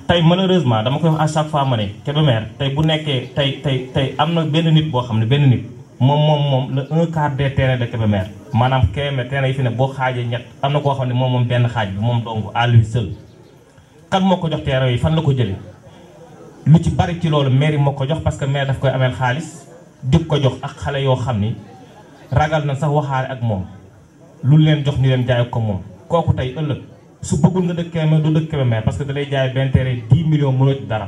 tay malheureusement dama koy wax à chaque fois mané ne Kébémer tay bu nekké tay tay tay amna na benn nit bo xamni ne benn nit mon mon mon le un quart des terrains de Kébémer Manam terrain yi fi ne am na mon mon mon lui seul kan mon jox terrain yi fan la ko lu ci bari ci loolu mairie moko jox parce que maire daf koy amel di ko jox ak xalé yo xamni ragal na sax waxaar ak mom. lu leen jox ni leen jaay ko tay su bëggul nga dëkk parce que da jaay terrain 10 millions mënoo dara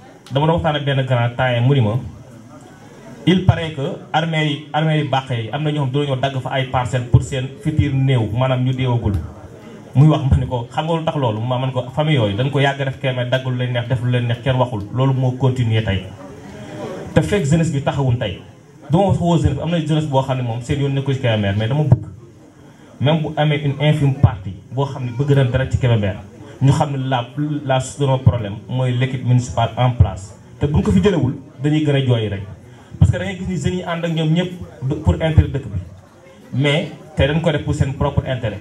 dama doon waxtaan ak benn grand taayam mu ni ma il paraît que armée yi armée yi bàqe yi am na ñoo xam doo ñoo dagg fa ay parcelles pour seen futur néew maanaam ñu deewagul muy wax ma ni ko xam nga lu tax loolu ma man ko famille yooyu dañ ko yàgg def kenn dagg lu leen neex def lu leen neex kenn waxul loolu moo continuer tey te fekk jeunesse bi taxawun tey duma wax woo jeunesse am na jeunesse boo xam ne moom seen yoon nekkul ci Kébémer mais dama bëgg même bu amee une infime partie boo xam ne bëgg na dara ci Kébémer ñu xam ne la la suñu problème mooy l'équipe municipale en place te bu ñu ko fi jëlewul dañuy gën a jooy rek parce que da ngay gis ni jeunes yi ànd ak ñoom ñëpp pour intérêt dëkk bi mais te dañ ko def pour seen propre intérêt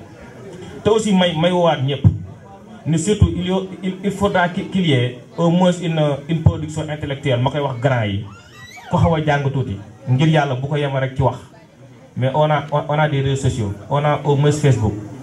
te aussi may may waat ñëpp ni surtout il faut il faudra qu'il y ait au moins une une production intellectuelle ma koy wax grand yi ko xaw a jàng tuuti ngir yàlla bu ko yema rek ci wax mais on a on a des réseaux sociaux on a au moins Facebook.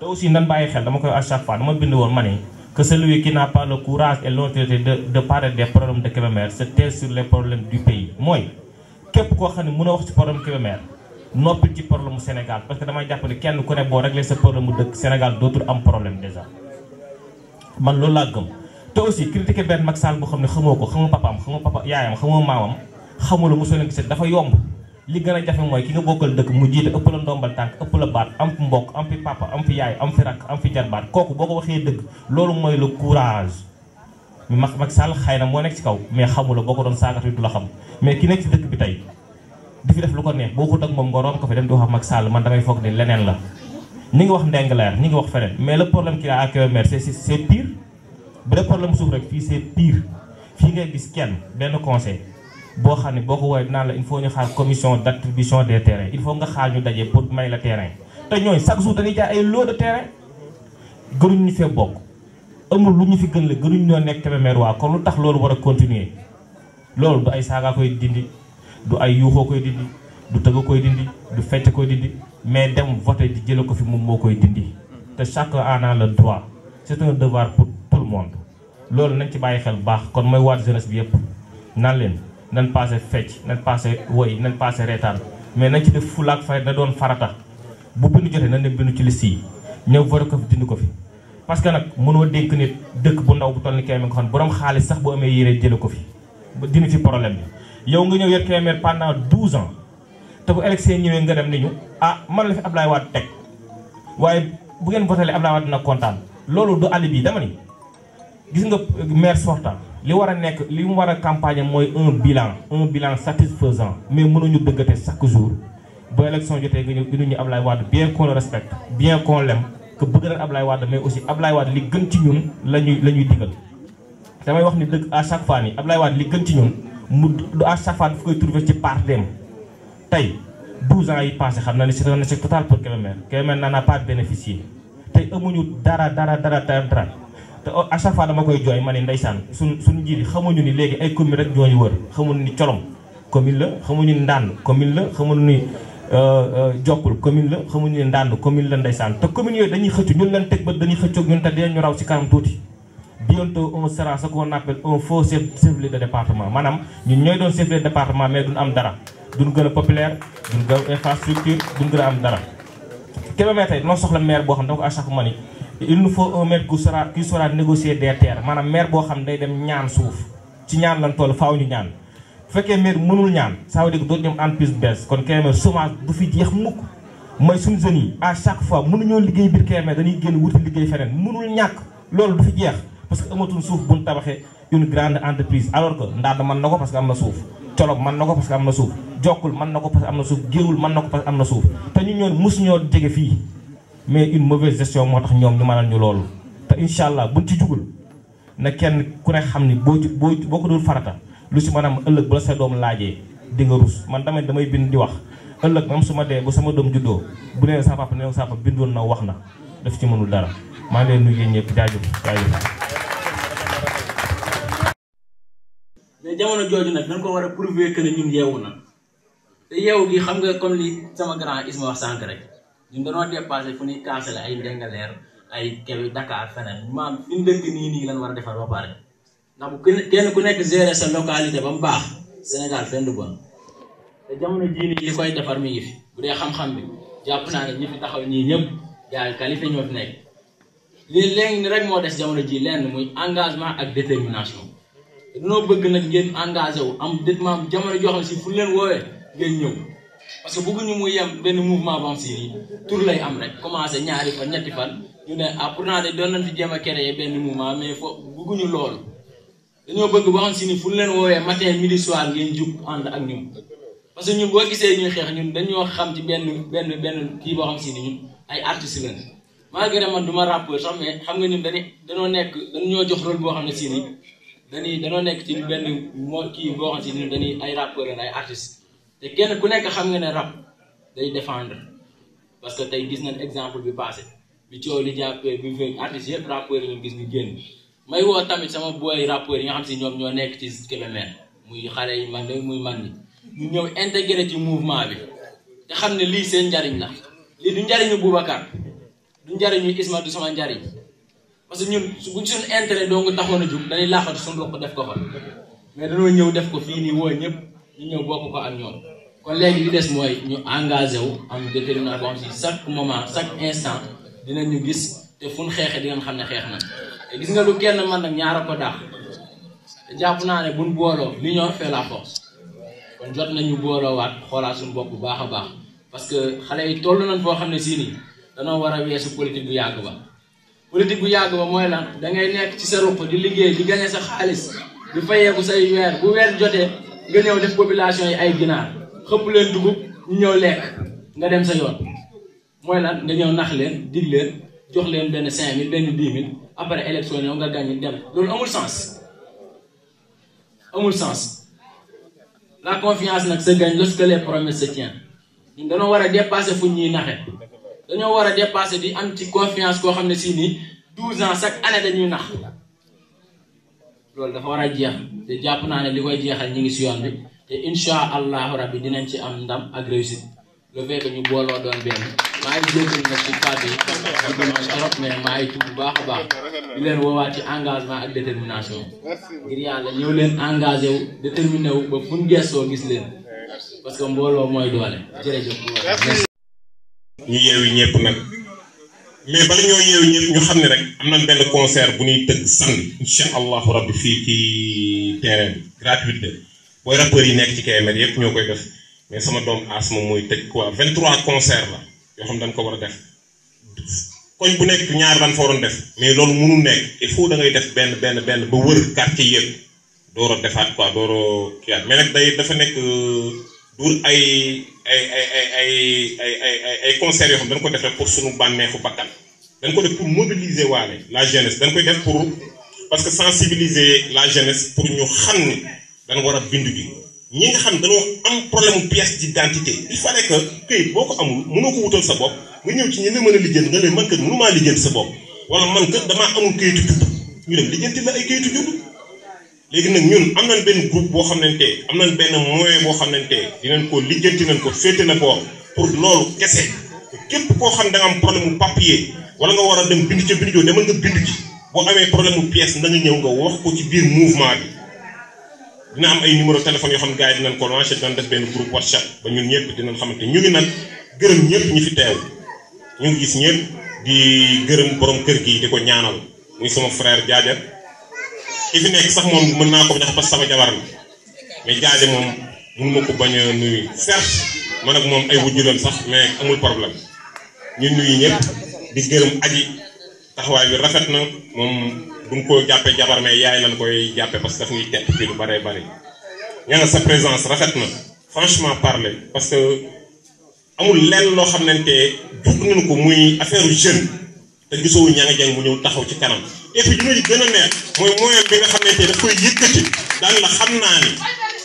te aussi nan bàyyi xel dama koy à chaque fois dama bind woon ma ni que celui qui n'a pas le courage et l'autorité de de parler des problèmes de Kébémer se sur les problèmes du pays mooy képp koo xam ne mën a wax ci problème Kébémer noppil ci problème mu Sénégal parce que damay jàpp ne kenn ku ne boo réglé sa problème mu dëkk Sénégal dootul am problème déjà man loolu laa gëm te aussi critiquer benn Macky Sall boo xam ne xamoo ko xamoo papaam xamoo papa yaayam xamoo maamam xamula mosoo leen gisee dafa yomb li gën a jafe mooy ki nga bokkal dëkk mu jiite ëpp la ndombal tànk ëpp la baat am fi mbokk am fi papa am fi yaay am fi rakk am fi jarbaat kooku boo ko waxee dëgg loolu mooy le courage Macky Macky Sall na moo nekk ci kaw mais xamula boo ko doon saagatu du la xam mais ki nekk ci dëkk bi tey di fi def lu ko neex boo xut ak moom nga room ko fi dem di wax Macky Sall man damay foog ni leneen la ñi ngi wax ndengleer ñi ngi wax feneen mais le problème qu'il a à Kébémer c'est c'est pire gis kenn benn conseil boo xam ne boo ko woowee naa la il faut ñu xaar commission d' attribution des terrains il faut nga xaar ñu daje pour may la terrain te ñooñu chaque jour dañuy ay lot de terrain gënuñ ñu fee bokk amul lu ñu fi gën la gënuñ ñoo nekk Kébémer waa kon lu tax loolu war a continuer loolu du ay saaga koy dindi du ay yuuxoo koy dindi du tëgg koy dindi du fecc koy dindi mais dem voté di jële ko fi moom moo koy dindi te chacun en a le droit c' est un pour tout le loolu nañ ci bàyyi xel baax kon mooy waat jeunesse bi yëpp naan leen nañ passé fecc nañ passé woy nañ passé reetaan mais nañ ci def fulaak fay na doon farata bu bindu jotee nañ dem bindu ci liste yi ñëw voté ko fi dindi ko fi parce que nag mënoo dénk nit dëkk bu ndaw bu toll ni Kébémer nga xam borom xaalis sax bu amee yére jële ko fi dina fi problème bi yow nga ñëw yor Kébémer pendant 12 ans te bu élection ñëwee nga dem ni ñu ah man la fi Ablaye Wade teg waaye bu ngeen votalee Ablaye Wade dina kontaan loolu du alibi dama gis nga maire sortant li wara nek, li mu campagne moy un bilan un bilan satisfaisant mais ñu dëggate chaque jour ba élection jotté nga ñu Ablaye Wade bien qu'on le respecte bien qu'on l'aime que bëgg na Ablaye Wade mais aussi Ablaye Wade li gën ci ñun la ñuy diggal ñuy damay wax ni dëgg à chaque fois ni Ablaye Wade li gën ci ñun mu du à chaque fois daf trouver ci part dem tay 12 ans yi passé xam na ni c'est un échec total pour Kébémer Kébémer n'en a pas bénéficié tay amuñu dara dara dara dara. te à chaque fois dama koy jooy ma ne ndeysaan suñ suñ njiit yi xamuñu ni léegi ay commune rek ñooñu wër xamuñu ni colom commune la xamuñu ni ndànd commune la xamuñu ni euh, euh, jokkul commune la ndànd commune la ndeysaan te commune yooyu dañuy xëccu ñun leen teg ba dañuy xëccoog ñun te dinañu raw ci kanam tuuti bientôt on sera ce qu'on appelle un faux chef-lieu de département maanaam ñun ñooy doon chef-lieu de département mais duñ am dara duñ gën a populaire duñ gën a infrastructure duñ a am dara Kébémer tey dina boo xam ne da ko il nous faut un maire qui sera qui sera négocier des terres manam maire bo xam day dem ñaan souf ci ñaan lan tol faaw ñu ñaan fekke maire mënul ñaan ça veut dire que dootu dem entreprise bees kon Kébémer chômage du fi jeex mukk moy sun jeunes à chaque fois mënu ñoo liggéey bir Kébémer dañuy génn wuti liggéey fenen mënul ñak lool du fi jeex parce que amatuñ souf buñ tabaxé une grande entreprise alors que ndaad mën na ko parce que amna souf suuf man nako parce que amna souf jokul man nako parce que amna souf suuf man nako parce que amna souf suuf te ñu ñoon ñoo djégé fi mais une mauvaise gestion moo tax ñoom ñu a ñu loolu te incha allah buñ ci jugul na kenn ku ne xam ni boo boo boo ko dul farata lu si maanaam ëllëg bu la sa doom laajee di nga rus man tamit damay bind di wax ëllëg même su ma dee bu sama doom juddoo bu nee sa papa nee sa bindoon na wax na def ci mënul dara maa ngi leen nuyu yéen ñëpp jaajëf a prouver que ne na te yeewu gi ñun dañoo dépassé fu ñuy cancel ay Ndingler ay Kébé Dakar feneen maam fi mu dëkk nii nii lan war a defar ba pare ndax bu kenn ku nekk gérer sa localité ba mu baax Sénégal fenn du te jamono jii nii li koy defar mi ngi fi bu dee xam bi jàpp naa ne ñi taxaw nii ñëpp gars ñoo nekk li léegi rek moo des jamono jii lenn muy engagement ak détermination dañoo bëgg nag ngeen engagé wu am déet maam jamono joo si fu leen woowee ngeen ñëw. parce que ñu mu yam ben mouvement avancé yi tour lay am rek commencé ñaari fan ñetti fan ñu né ah pourtant dé doon nañ fi jéem a créer benn mouvement mais fo bëggu ñu lool dañu bëgg ba xam si ni fu leen woowee matin midi soir ngeen juk and ak ñun parce que ñun bo gisé ñuy xex ñun dañu xam ci ben ben ben ki bo xam si ñun ay artiste lañ malgré man duma ma rappeur sax mais xam nga ñun dañu dañu nekk dañoo jox rôle bo xam ne si ni dañuy dañoo nekk ci ben mo ki bo xam si ñun dañu ay rappeur lañ ay artiste te kenn ku nekk xam nga ne rab day défendre parce que tey gis nañ exemple bi passé bi coow li jàppee bi fekk artiste yëpp rappeur yi gis ñu génn may woo tamit sama booy rappeur yi nga xam si ñoom ñoo nekk ci Kébémer muy xale yi mag muy mag ni ñu ñëw intégré ci mouvement bi te xam ne lii seen njariñ la lii du njariñu Boubacar du njariñu Isma du sama njariñ parce que ñun su buñ suñu intérêt dong taxoon a jug dañuy laxatu suñu loxo def ko fa mais dañoo ñëw def ko fii nii woo ñëpp ñu ñëw bokk ko ak ñoom kon léegi li des mooy ñu engagé wu am détermination boo xam chaque moment chaque instant gis te fun xeexee di ngeen xam ne na gis nga lu kenn man nag ñaara ko daax te jàpp naa ne buñ booloo l'union fait la force kon jot nañu booloowaat xoolaat suñu bopp bu baax a baax parce que xale yi e toll nañ foo politik guyago sii nii danoo war a politique bu ba politique bu ba mooy lan da ngay nekk ci sa ruq di liggéey di gañe sa xaalis di fayeeku say bu nga ñëw def population yi ay ginaar xëpp leen dugub ñu ñëw lekk nga dem sa yoon mooy lan nga ñëw nax leen dig leen jox leen benn cinq mille benn dix mille après élection ñëw nga gàññi dem loolu amul sens amul sens la confiance nag sa gagne lorsque les promesses se tiennent ñun dañoo war a dépasser fu ñuy naxe dañoo war a dépasser di am ci confiance koo xam ne si ni douze ans chaque année dañuy nax loolu dafa war a jeex te jàpp naa ne li koy jeexal ñu ngi si yoon bi te incha allahu rabbi dinañ ci am ndam ak réussite le fait ñu mbooloo doon benn maa ngi jégalu nag ci kàddu yi di trop mais maa ngi bu baax a baax di leen woowaat ci engagement ak détermination ngir yàlla ñëw leen engagé wu déterminé wu ba fu ñu gis leen parce que mbooloo mooy doole jërëjëf. ñu yeewi ñëpp nag. mais bala ñoo yeewu ñëpp ñu xam ne rek am nañ benn concert bu ñuy tëgg samedi incha allahu rabbi fii ci terrain de gratuite booy rappeurs yi nekk ci KMR yëpp ñoo koy def mais sama doom asma mooy tëgg quoi 23 concert la yoo xam dañ ko war a def koñ bu nekk ñaar lan fa def mais loolu mënu nekk il faut da def benn benn benn ba wër quartier yëpp door a defaat quoi door a at mais nag day dafa nekk. Euh, pour ay ay ay ay ay ay ay ay dañ pour pour mobiliser la jeunesse pour parce que sensibiliser la jeunesse pour ñu xam dañ war bindu bi ñi problème pièce d'identité il fallait que këyit boo amul mënoo ko wutal sa bopp nga ñëw ci ñi la mën a nga ne man kat sa bopp wala léegi nag ñun am nañ benn groupe boo xamante am nañ benn moyen boo xamante dinañ ko lijjanti nañ ko féete na ko pour loolu kese képp koo xam ne nga am problème mu papier wala nga war a dem bind ca bindoo demal nga bind ci boo amee problème mu pièce na ñëw nga wax ko biir mouvement bi dina am ay numéro téléphone yoo xam ne gars yi ko lancé dinañ def benn groupe WhatsApp ba ñun ñëpp dinañ xamante ñu ngi nag gërëm ñëpp ñi fi teew ñu ngi gis ñëpp di gërëm borom kër gi di ko ñaanal muy sama frère Diadiat. ki fi nekk sax moom mën naa ko jox parce que sama jabar la mais jaaje moom mënuma ko bañ a nuyu certes man ak moom ay wujjulam sax mais amul problème ñu nuyu ñëpp di gërëm aji taxawaay bi rafet na moom duñ ko jàppe jabar mais yaay lañ koy jàppee parce que daf ñuy tepp fii lu bare bare ña nga sa présence rafet na franchement parler parce que amul lenn loo xam ne te dugg nañ ko muy affaire jeune te gisoo ña nga jàng mu ñëw taxaw ci kanam et puis dina ci gën a neex mooy moyen bi nga xamante ne daf koy yëkkati daan la xam naa ni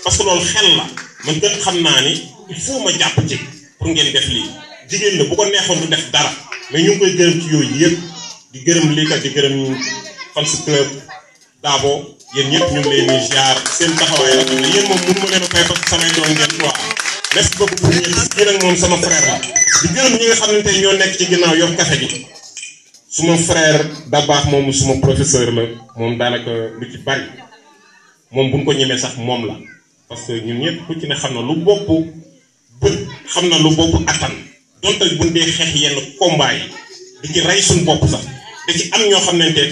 parce que loolu xel la man gën xam naa ni il faut ma jàpp ci pour ngeen def lii jigéen la bu ko neexoon du def dara mais ñu ngi koy gërëm ci yooyu yëpp di gërëm liikat di gërëm fan si club Dabo yéen ñëpp ñu ngi leen di ziar seen taxawaay rafet na yéen moom mënu ma leen a fay parce que samay doon ngeen quoi merci beaucoup pour ñëpp yéen ak moom sama frère la di gërëm ñi nga xam ne tey ñoo nekk ci ginnaaw yom kafe gi suma frère Dabakh moom suma professeur la moom daanaka lu ci bari moom buñ ko ñemee sax moom la parce que ñun ñëpp ku ci ne xam na lu bopp bët xam na lu bopp attan donte buñ dee xeex yenn combat di ci rey bopp sax da am ñoo xam ne tey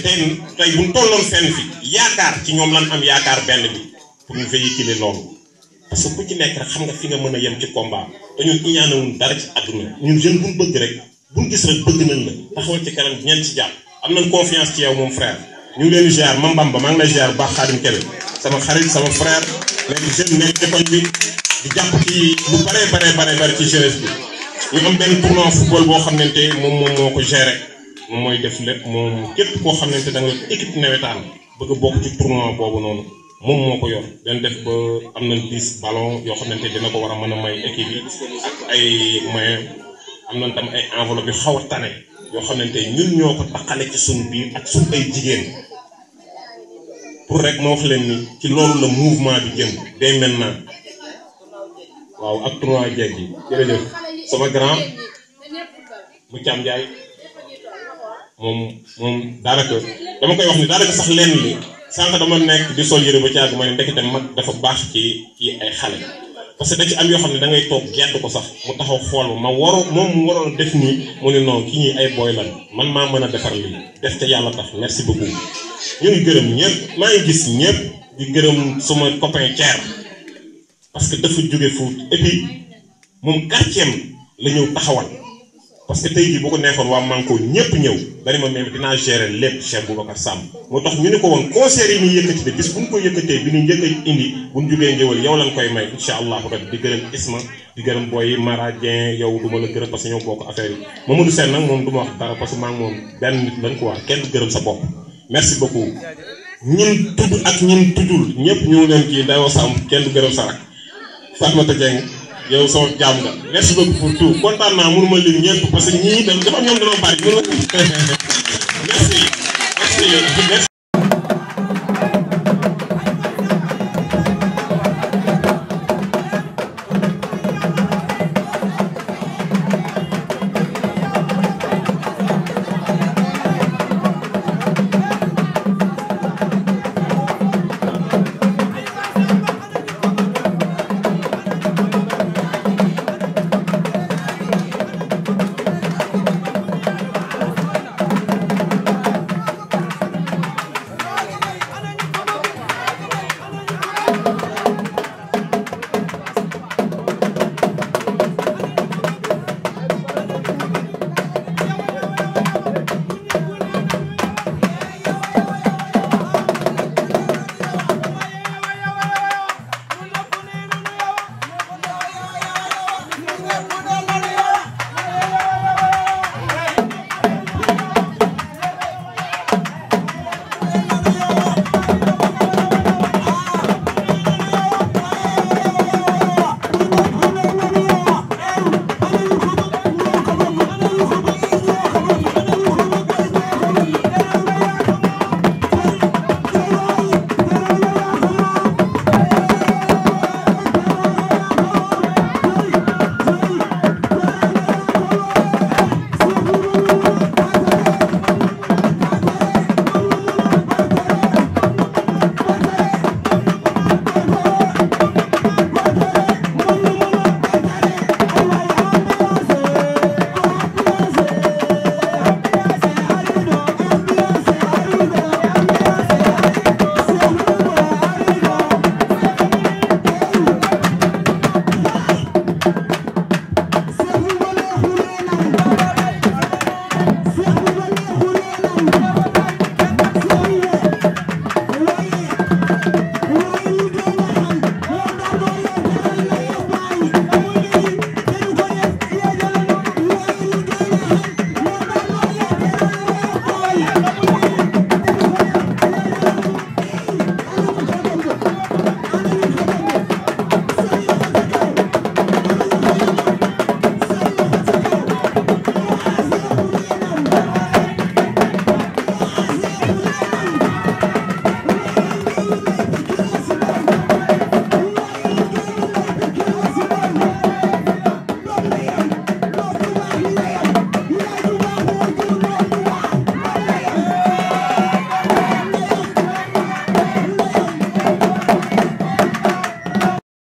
tey buñ tolloon fenn fi yaakaar ci ñoom lan am yaakaar benn bi pour ñu véhiculer loolu parce que ku ci nekk rek xam nga fi nga mën a yem ci combat te ñun wu dara ci àdduna ñun bu buñ bëgg rek. buñ gis rek bëgg nañ la taxawal ci kanam ñeent ci jàpp am nañ confiance ci yow moom frère ñu leen di ziar Mame Bamba maa ngi lay ziar baax Xaadim Kebe sama xarit sama frère nekk jeune nekk ci koñ bi di jàpp ci lu bare bare bare bare ci jeunesse bi ñu am benn tournoi football boo xam ne te moom moom moo ko géré moom mooy def lépp moom képp koo xam ne te da nga équipe nawetaan bëgg a bokk ci tournoi boobu noonu moom moo ko yor dañ def ba am nañ 10 ballon yoo xam ne dina ko war a mën a may équipe yi ak ay moyens am nañ tam ay enveloppe yu xaw a tane yoo xamante ñun ñoo ko taqale ci suñ biir ak suñ ay jigéen pour rek ma wax leen ci loolu na mouvement bi jëm day maintenant waaw ak trois jeeg yi jërëjëf sama grand mu Thiam Ndiaye moom moom daanaka dama koy wax ni daanaka sax lenn li sànq dama nekk di sol yëre ba caag ma ne ndekete mag dafa baax ci ci ay xale. parce que da ci am yoo xam ne dangay ngay toog gedd ko sax mu taxaw xool ma waroon moom mu waroon def nii mu ne noonu ki ñuy ay booy lan man maa mën a defar lii def te yàlla tax merci beaucoup ñu gërëm ñëpp maa ngi gis ñëpp di gërëm suma copain Thier parce que dafa jóge Fuuta et puis moom quartier la ñëw taxawal. parce que tey jii bu ko neexoon waa manko ñëpp ñëw dani ma même dinaa gérer lépp Cheikh Boubacar Sam moo tax ñu ne ko woon concert yi ñuy yëkkati de bis bu ñu ko yëkkatee bi ñu njëkk a indi bu ñu jugee ngéwal yow lañ koy may incha allahu rabbi di gërëm Isma di gërëm booy Mara Dieng yow du ma la gërëm parce que ñoo bokk affaire yi Mamadou Sen nag moom du ma wax dara parce que maa ngi moom benn nit lañ ko wax kenn gërëm sa bopp merci beaucoup ñin tudd ak ñin tuddul ñëpp ñu leen kii ndayoo Sam kenn du gërëm sa rak Fatmata Dieng yow sama jàmm nga merci beaucoup pour tout kontaan naa mënuma lim ñëpp parce que ñii dafa ñoom dañoo bari mënuma merci merci merci